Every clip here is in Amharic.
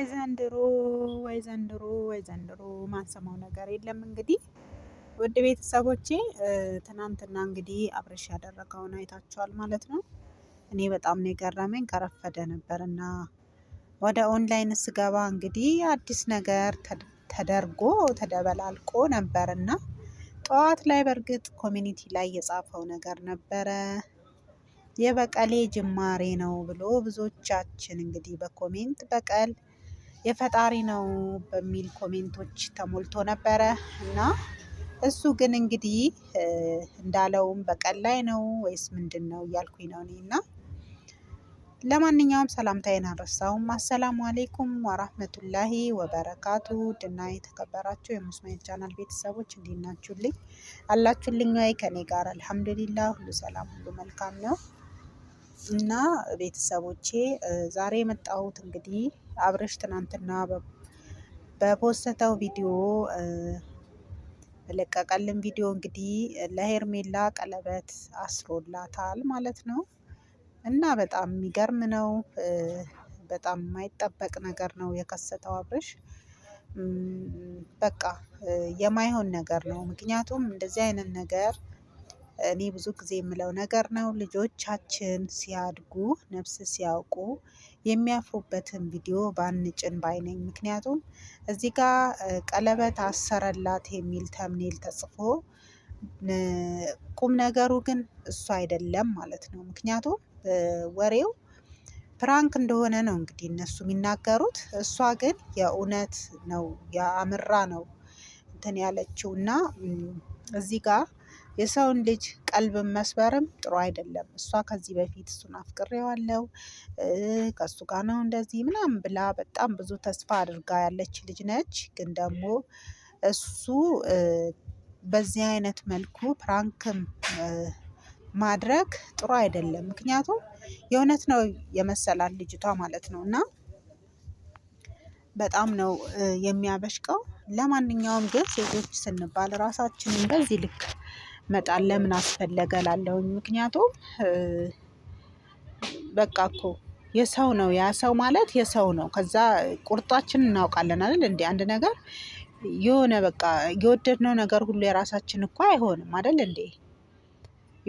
ወይ ዘንድሮ ወይ ዘንድሮ ወይ ዘንድሮ ማንሰማው ነገር የለም። እንግዲህ ውድ ቤተሰቦቼ ትናንትና እንግዲህ አብርሽ ያደረገውን አይታችኋል ማለት ነው። እኔ በጣም ነው የገረመኝ። ከረፈደ ነበር እና ወደ ኦንላይን ስገባ እንግዲህ አዲስ ነገር ተደርጎ ተደበላልቆ ነበር እና ጠዋት ላይ በእርግጥ ኮሚኒቲ ላይ የጻፈው ነገር ነበረ የበቀሌ ጅማሬ ነው ብሎ ብዙዎቻችን እንግዲህ በኮሜንት በቀል የፈጣሪ ነው በሚል ኮሜንቶች ተሞልቶ ነበረ እና እሱ ግን እንግዲህ እንዳለውም በቀን ላይ ነው ወይስ ምንድን ነው እያልኩኝ ነው እኔ እና ለማንኛውም ሰላምታዬን አልረሳውም። አሰላሙ አሌይኩም ወራህመቱላሂ ወበረካቱ ድና የተከበራችሁ የሙስማኤል ቻናል ቤተሰቦች እንዴት ናችሁልኝ? አላችሁልኝ ወይ? ከኔ ጋር አልሐምዱሊላ ሁሉ ሰላም፣ ሁሉ መልካም ነው እና ቤተሰቦቼ ዛሬ የመጣሁት እንግዲህ አብርሽ ትናንትና በፖስተተው ቪዲዮ ለቀቀልን ቪዲዮ እንግዲህ ለሄርሜላ ቀለበት አስሮላታል ማለት ነው። እና በጣም የሚገርም ነው። በጣም የማይጠበቅ ነገር ነው የከሰተው አብርሽ። በቃ የማይሆን ነገር ነው። ምክንያቱም እንደዚህ አይነት ነገር እኔ ብዙ ጊዜ የምለው ነገር ነው። ልጆቻችን ሲያድጉ ነፍስ ሲያውቁ የሚያፍሩበትን ቪዲዮ ባንጭን ባይነኝ። ምክንያቱም እዚህ ጋር ቀለበት አሰረላት የሚል ተምኔል ተጽፎ ቁም ነገሩ ግን እሱ አይደለም ማለት ነው። ምክንያቱም ወሬው ፕራንክ እንደሆነ ነው እንግዲህ እነሱ የሚናገሩት። እሷ ግን የእውነት ነው የአምራ ነው እንትን ያለችው እና እዚህ ጋር የሰውን ልጅ ቀልብ መስበርም ጥሩ አይደለም። እሷ ከዚህ በፊት እሱን አፍቅሬዋለሁ ከእሱ ጋር ነው እንደዚህ ምናምን ብላ በጣም ብዙ ተስፋ አድርጋ ያለች ልጅ ነች። ግን ደግሞ እሱ በዚህ አይነት መልኩ ፕራንክም ማድረግ ጥሩ አይደለም። ምክንያቱም የእውነት ነው የመሰላት ልጅቷ ማለት ነው እና በጣም ነው የሚያበሽቀው። ለማንኛውም ግን ሴቶች ስንባል ራሳችንን በዚህ ልክ መጣል ለምን አስፈለገ ላለውኝ ምክንያቱም በቃ እኮ የሰው ነው ያ ሰው ማለት የሰው ነው። ከዛ ቁርጣችን እናውቃለን አይደል እንዲ አንድ ነገር የሆነ በቃ የወደድነው ነገር ሁሉ የራሳችን እኮ አይሆንም አይደል እንዴ?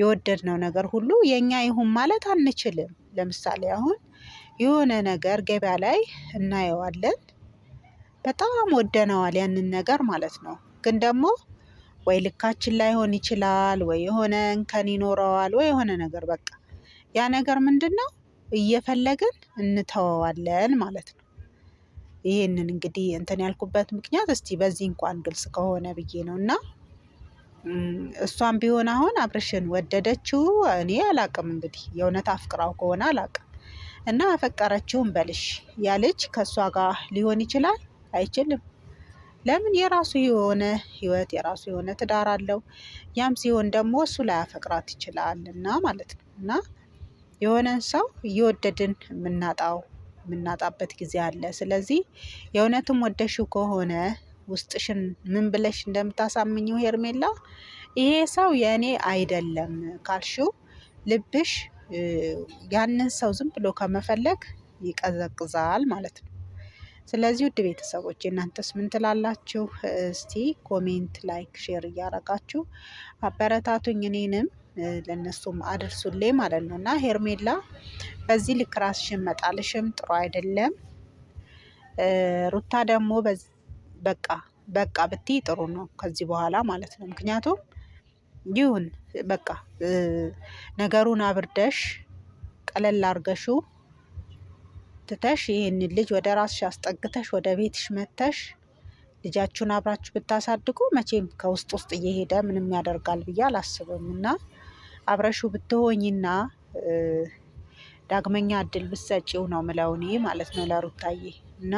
የወደድነው ነገር ሁሉ የኛ ይሁን ማለት አንችልም። ለምሳሌ አሁን የሆነ ነገር ገበያ ላይ እናየዋለን፣ በጣም ወደነዋል ያንን ነገር ማለት ነው። ግን ደግሞ ወይ ልካችን ላይሆን ይችላል፣ ወይ የሆነ እንከን ይኖረዋል፣ ወይ የሆነ ነገር በቃ ያ ነገር ምንድን ነው እየፈለግን እንተወዋለን ማለት ነው። ይህንን እንግዲህ እንትን ያልኩበት ምክንያት እስቲ በዚህ እንኳን ግልጽ ከሆነ ብዬ ነው እና እሷም ቢሆን አሁን አብርሽን ወደደችው እኔ አላቅም እንግዲህ የእውነት አፍቅራው ከሆነ አላቅም እና አፈቀረችውን በልሽ ያ ልጅ ከእሷ ጋር ሊሆን ይችላል አይችልም ለምን የራሱ የሆነ ህይወት የራሱ የሆነ ትዳር አለው። ያም ሲሆን ደግሞ እሱ ላያፈቅራት ይችላል እና ማለት ነው። እና የሆነን ሰው እየወደድን የምናጣው የምናጣበት ጊዜ አለ። ስለዚህ የእውነትም ወደሽው ከሆነ ውስጥሽን ምን ብለሽ እንደምታሳምኚው ሄርሜላ ይሄ ሰው የእኔ አይደለም ካልሽው ልብሽ ያንን ሰው ዝም ብሎ ከመፈለግ ይቀዘቅዛል ማለት ነው። ስለዚህ ውድ ቤተሰቦች እናንተስ ምን ትላላችሁ? እስቲ ኮሜንት፣ ላይክ፣ ሼር እያረጋችሁ አበረታቱኝ እኔንም ለእነሱም አድርሱልኝ ማለት ነው እና ሄርሜላ በዚህ ልክ ራስሽን መጣልሽም ጥሩ አይደለም። ሩታ ደግሞ በቃ በቃ ብትይ ጥሩ ነው ከዚህ በኋላ ማለት ነው። ምክንያቱም ይሁን በቃ ነገሩን አብርደሽ ቀለል አርገሹ ትተሽ ይህን ልጅ ወደ ራስሽ አስጠግተሽ ወደ ቤትሽ መተሽ ልጃችሁን አብራችሁ ብታሳድጉ መቼም ከውስጥ ውስጥ እየሄደ ምንም ያደርጋል ብዬ አላስብም እና አብረሹ ብትሆኝና ዳግመኛ እድል ብትሰጪው ነው ምለው እኔ ማለት ነው ለሩታዬ እና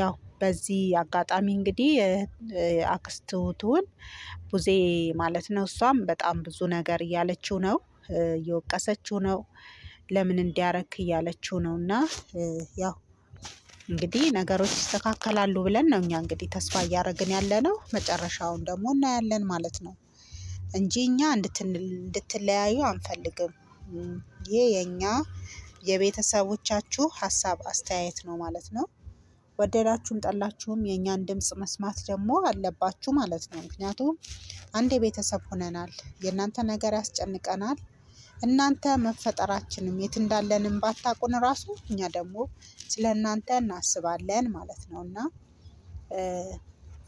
ያው በዚህ አጋጣሚ እንግዲህ አክስቱ ቡዜ ማለት ነው። እሷም በጣም ብዙ ነገር እያለችው ነው፣ እየወቀሰችው ነው። ለምን እንዲያረክ እያለችው ነው። እና ያው እንግዲህ ነገሮች ይስተካከላሉ ብለን ነው እኛ እንግዲህ ተስፋ እያደረግን ያለ ነው። መጨረሻውን ደግሞ እናያለን ማለት ነው እንጂ እኛ እንድትለያዩ አንፈልግም። ይህ የእኛ የቤተሰቦቻችሁ ሀሳብ አስተያየት ነው ማለት ነው። ወደዳችሁም ጠላችሁም የእኛን ድምፅ መስማት ደግሞ አለባችሁ ማለት ነው። ምክንያቱም አንድ ቤተሰብ ሆነናል። የእናንተ ነገር ያስጨንቀናል እናንተ መፈጠራችንም የት እንዳለንም ባታቁን ራሱ እኛ ደግሞ ስለ እናንተ እናስባለን ማለት ነው እና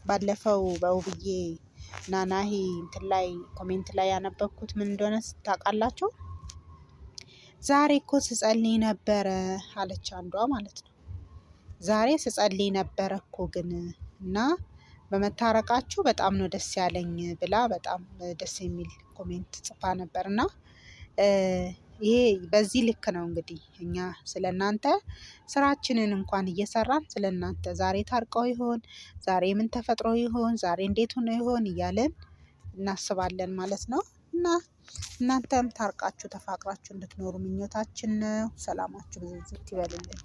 ባለፈው በውብዬ ናናሂ እንትን ላይ ኮሜንት ላይ ያነበብኩት ምን እንደሆነ ስታውቃላችሁ? ዛሬ እኮ ስጸልይ ነበረ አለች አንዷ ማለት ነው። ዛሬ ስጸልይ ነበረ እኮ ግን እና በመታረቃችሁ በጣም ነው ደስ ያለኝ ብላ በጣም ደስ የሚል ኮሜንት ጽፋ ነበር እና ይሄ በዚህ ልክ ነው እንግዲህ እኛ ስለ እናንተ ስራችንን እንኳን እየሰራን ስለ እናንተ ዛሬ ታርቀው ይሆን፣ ዛሬ ምን ተፈጥሮ ይሆን፣ ዛሬ እንዴት ሆኖ ይሆን እያለን እናስባለን ማለት ነው። እና እናንተም ታርቃችሁ ተፋቅራችሁ እንድትኖሩ ምኞታችን ነው። ሰላማችሁ ብዙ ይበልልን።